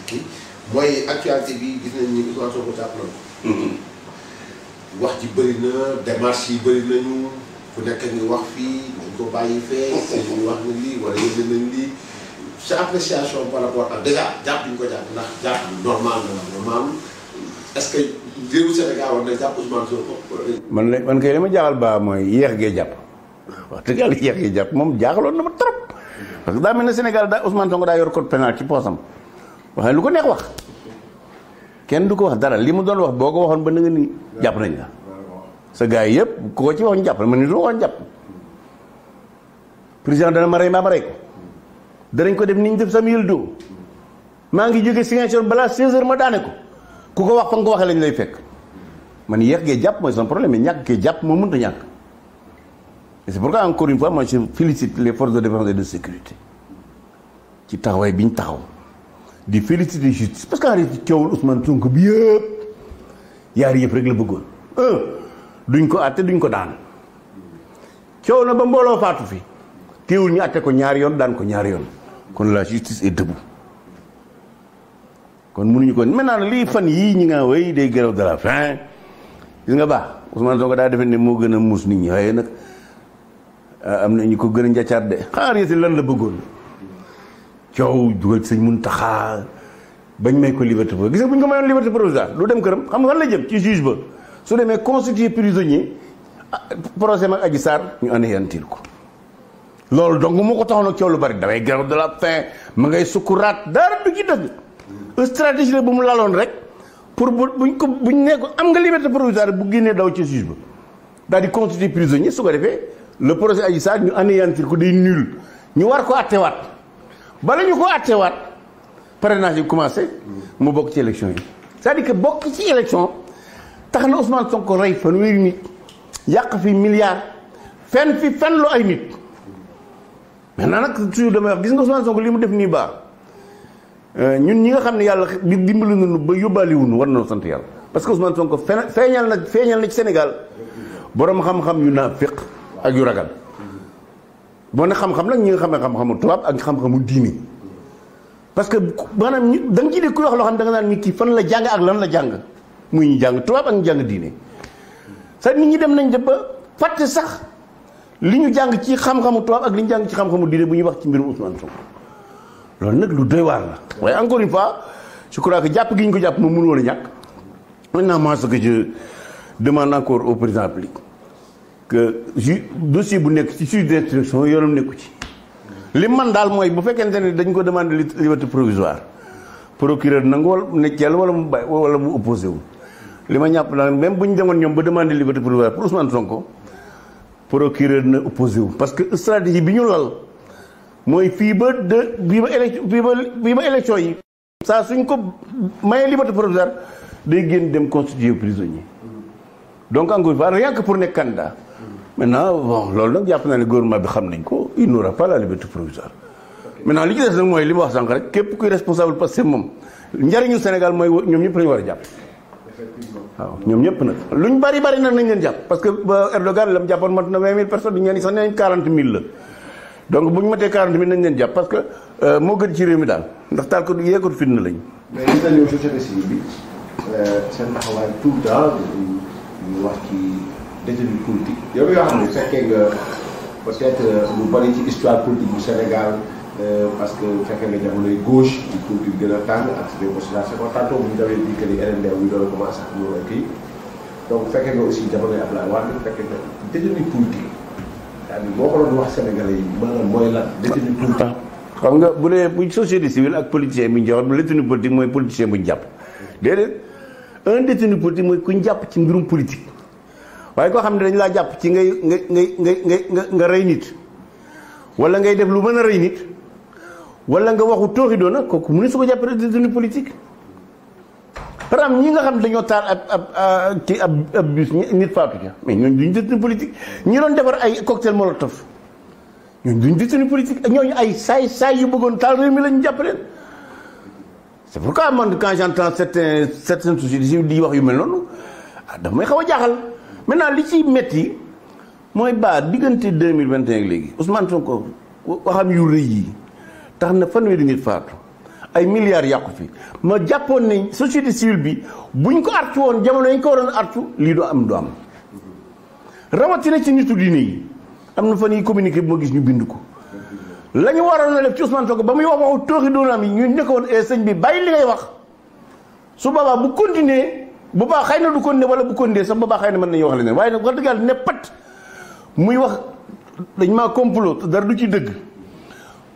nit ki mooy actualité bi gis nañ ni Ousmane Sonko jàpp na ko mhm. wax ji bëri na démarche yi bëri nañu ku nekk ngi wax fii ko bàyyi fee ñu wax na wala nañ sa appréciation par rapport déjà ñu ko ndax normal na normal est-ce que réewu Sénégal war na Ousmane Sonko man la man kay li ma jaaxal baa mooy yéex gee wax dëgg yàlla yéex gee jàpp moom na ma trop parce que mel Sénégal Ousmane Sonko yor code pénal ci waxee lu ko kan neex wax kenn du ko wax dara li doon wax boo ko ba nga ni jàpp nañ la sa ku ko ci waxoon jàpp man ni du ma waxoon président dana ma ma ko ko def def ngi 16h ma ko ku ko wax fa nga ko lañ lay fekk man yéex gee jàpp mooy son problème mais ñàkk gee jàpp moo c'est pourquoi encore une fois moi je félicite les forces de défense et de sécurité ci taxaw di féliciter justice parce que en réalité coowul Ousmane yëpp rek la bëggoon duñ ko àtte duñ ko daan coow na ba mbooloo faatu fi teewul ñu ko ñaari yoon daan ko ñaari yoon kon la justice est debout kon mënuñu ko maintenant lii fan yii ñi nga wéy day grève de la nga baax Ousmane Sonko daa defe moo gën a muus nit ñi waaye nag ah, am na ñu ko gën a njàccaat de xaar yësi lan la bëggoon coow dugal sañ sëñ Muntaxa bañ may ko liberté provisoire gis nga bu ñu ko mayoon liberté provisoire lu dem këram xam nga fan la jëm ci juge ba su demee constitué prisonnier ah, procès mag Adji Sarr ñu anéantir ko loolu donc moo ko taxoon ak lu bari damay grève de la faim ma ngay sukkuraat dara du ci dëgg stratégie la bu mu laloon rek pour bu buñ ko buñ nee ko am nga liberté provisoire bu génnee daw ci juge ba daal di constitué prisonnier su ko defee le procès Adji Sarr ñu anéantir ko day nul ñu war ko attewaat bala ñu ko attewaat parrainage yi commencé mu bokk ci élection yi c'est-à-dire que bokk ci élection tax na Ousmane Sonko rey fanweeri nit yàq fi milliard fenn fi fenn lu ay nit maintenant nag toujours damay wax gis nga Ousmane Sonko li mu def nii baax ñun ñi nga xam ne dimbali nañu ba yóbbaaliwuñu war nañu sant parce que Ousmane Sonko na na ci Sénégal borom xam-xam yu ak yu ragal boo ne xam-xam nag ñi nga xamee xam-xamu tubaab ak xam-xamu diini parce que maanaam ñu da nga ciy dégg wax loo xam da nga naan nit ki fan la jàng ak lan la jàng muy ñu jàng tubaab ak ñu jàng diini. sa ñi dem nañ dem ba fàtte sax li ñu jàng ci xam-xamu tubaab ak li ñu jàng ci xam-xamu diine bu ñuy wax ci mbirum Ousmane Sonko loolu nag lu doy waar la waaye encore une fois je crois que jàpp gi ñu ko jàpp moom mënu woon a ñàkk maintenant moi ce que je demande encore au président de que ju dossier bu nekk ci juge d'instruction yoonam nekku ci li man daal mooy bu fekkente ne dañ ko demandé liberté provisoire procureur nangu wala nekkeel wala mu bàyyi wala mu opposé wu li ma ñàpp daal même bu ñu demoon ñoom ba demandé liberté provisoire pour Ousmane Sonko procureur na opposé wu parce que stratégie bi ñu lal mooy fii ba de bii ba élec bii ba bii yi saa suñ ko mayee liberté provisoire day génn dem constituer prisonnier donc encore une fois rien que pour nekk maintenant bon loolu nag jàpp naa ne gouvernement bi xam nañ ko il n'aura pas la liberté provisoire maintenant li ci des nag mooy li ma wax sànq rek képp kuy responsable parce que moom njariñu Sénégal mooy ñoom ñëpp la ñu war a jàpp. waaw ñoom ñëpp nag lu ñu bari bari nag nañ leen jàpp parce que ba Erdogan la mu jàppoon mat na vingt mille personnes ñenn ñi sax nee nañ quarante mille donc bu ñu matee quarante mille nañ leen jàpp parce que euh, moo gën ci réew mi daal ndax taal ko yeekut fitna lañ. mais li nga ñëw société euh, seen taxawaay tout le détenu politique yow yoo xam ne fekkee nga peut-être lu bari ci histoire politique bu Sénégal euh, parce que fekkee nga jamonoy gauche di politique gën a tàng ak les considérations ko commencé ak fekkee aussi jamonoy Abdoulaye Wade fekkee nga wax sénégalais yi maanaam mooy lan détenu nga bu dee bu société civile ak politicien bi ñu joxoon bu détenu politique mooy politicien bu ñu jàpp déedéet un détenu politique mooy ku ñu jàpp ci mbirum politique. waaye koo xam ne dañ laa jàpp ci ngay nga ngay nga nga nga rey nit wala ngay def lu mën a rey nit wala nga waxu tooxi doona kooku mu ne su ko jàppee détenu politique par ñi nga xam ne dañoo ab ab ci ab ab bus nit faatu ca mais ñooñu duñ détenu politique ñi doon defar ay cocktail molotov ñooñu duñ détenu politique ñooñu ay saay saay yu bëggoon taal réew mi lañu jàpp leen c'est pourquoi man quand j'entends certains certains sociétés di wax yu mel noonu ah may xaw a maintenant li ciy métti mooy baa diggante 2021 léegi Ousmane Sonko waxam yu rëy yi tax na fanweeri nit faatu ay milliards yàqu fi ma jàppoon nañ société civile bi buñ ko artu woon jamono yi ñu ko waroon artu lii du am du am rawatina ci nitu diine yi am na fan yi communiqué bi ma gis ñu bind ko lañu ñu waroon a def ci Ousmane Sonko ba muy wax waxu tooxi doonam yi ñu nekkoon e sëñ bi bàyyi li ngay wax su boobaa bu continuer bu baax xëy na du kon ne wala bu kon dee sax bu baax xëy na mën nañu wax leneen waaye nag wax dëgg ne pat muy wax dañ maa complot dara du ci dëgg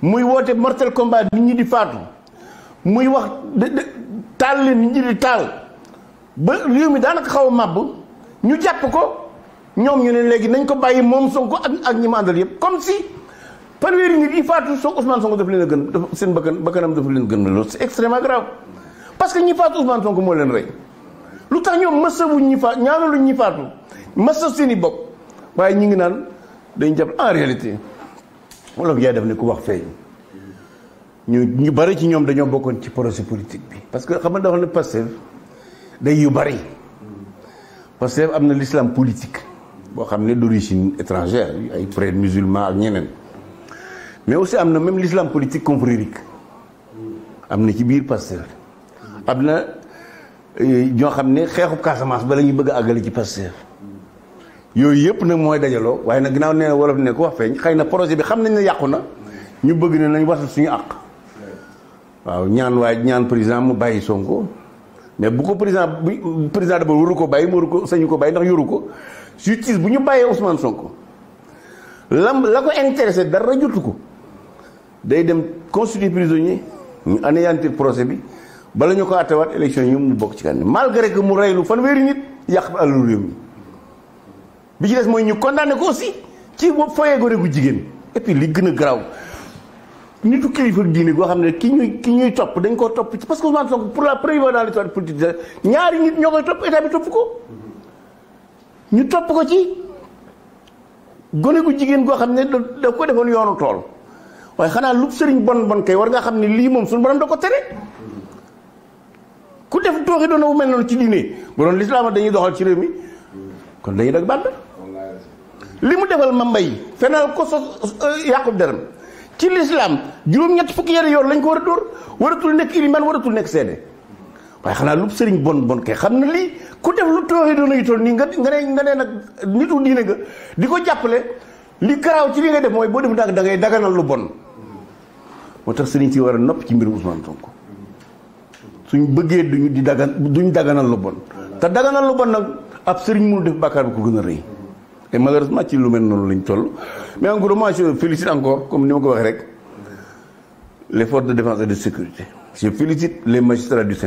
muy woote mortel combat nit ñi di faatu muy wax de taal leen nit ñi di taal ba réew mi daanaka xaw a màbb ñu jàpp ko ñoom ñu ne léegi nañ ko bàyyi moom Sonko ak ak ñi ma àndal yëpp comme si fanweeri nit yi faatu so Ousmane Sonko daf leen a gën seen bakkan bakkanam daf leen gën loolu c'est extrêmement grave parce que ñi faatu Ousmane Sonko moo leen rey lu tax ñoom masawuñ ñi faat ñaanaluñ ñi faatu massa seen i bopp waaye ñu ngi naan dañ jàpp en réalité wolof yaay def ne ku wax feeñ ñu ñu bari ci ñoom dañoo bokkoon ci projet politique bi parce que xam nga dafa ne Pastef day yu bari Pastef am na l'islam politique boo xam ne d'origine étrangère ay prêtre musulman ak ñeneen mais aussi am na même l'islam politique confrérique am na ci biir Pastef am na ñoo xam ne xeexu Casamance ba la ñuy bëgg a ci ci Pastef yooyu yëpp nag mooy dajaloo waaye nag ginnaaw nee na wolof ne ko wax feeñ xëy na projet bi xam nañ ne yàqu na ñu bëgg ne nañ wasal suñu àq waaw ñaan waaye ñaan président mu bàyyi Sonko mais bu ko président bu président d'abord waru ko bàyyi mu waru ko sañu ko bàyyi ndax yoru ko justice bu ñu bàyyee Ousmane Sonko lam la ko intéressé dara jotu ko day dem constituer prisonnier ñu anéantir projet bi bala ñu ko àttewaat élection yi mu bokk ci kan malgré que mu reylu fanweeri nit yàq bi alalu réew bi ci des mooy ñu condamné ko aussi ci foyee gore gu jigéen et li gën a garaaw nitu kilifa diine goo xam ne ki ñuy ki ñuy topp dañ koo topp ci parce que Ousmane Sonko pour la première fois dans l'histoire politique ñaari nit ñoo koy topp état bi topp ko ñu topp ko ci gone gu jigéen goo xam ne da ko defoon yoonu tool waaye xanaa lu sëriñ bon bon kay war nga xam ne lii moom suñu borom da ko tere ku def tooxi doona bu mel lu ci diine bu doon lislaam dañuy doxal ci réew mi kon dañuy dag bàtt li mu defal ma mbay fenal ko sos yàqub deram ci lislaam juróom-ñett fukki yari yoon lañ ko war a dóor waratul nekk iliman waratul nekk seede waaye xanaa lu sëriñ bon bon kay xam na lii ku def lu tooxi doona yu toll nii nga nga ne nga ne nag nitu diine nga di ko jàppale li garaaw ci li nga def mooy boo def nag da ngay daganal lu bon moo tax sëriñ si war a nopp ci mbirum Ousmane Sonko suñ bëggee duñu di dagan duñ dagganal lu bon te daganal lu bon nag ab sëriñ mënul def bàkkaar bi ko gën a rëy et malheureusement ci lu mel noonu lañ toll mais en gros moi je félicite encore comme ni ma ko waxee rek les forces de défense et de sécurité je félicite les magistrats du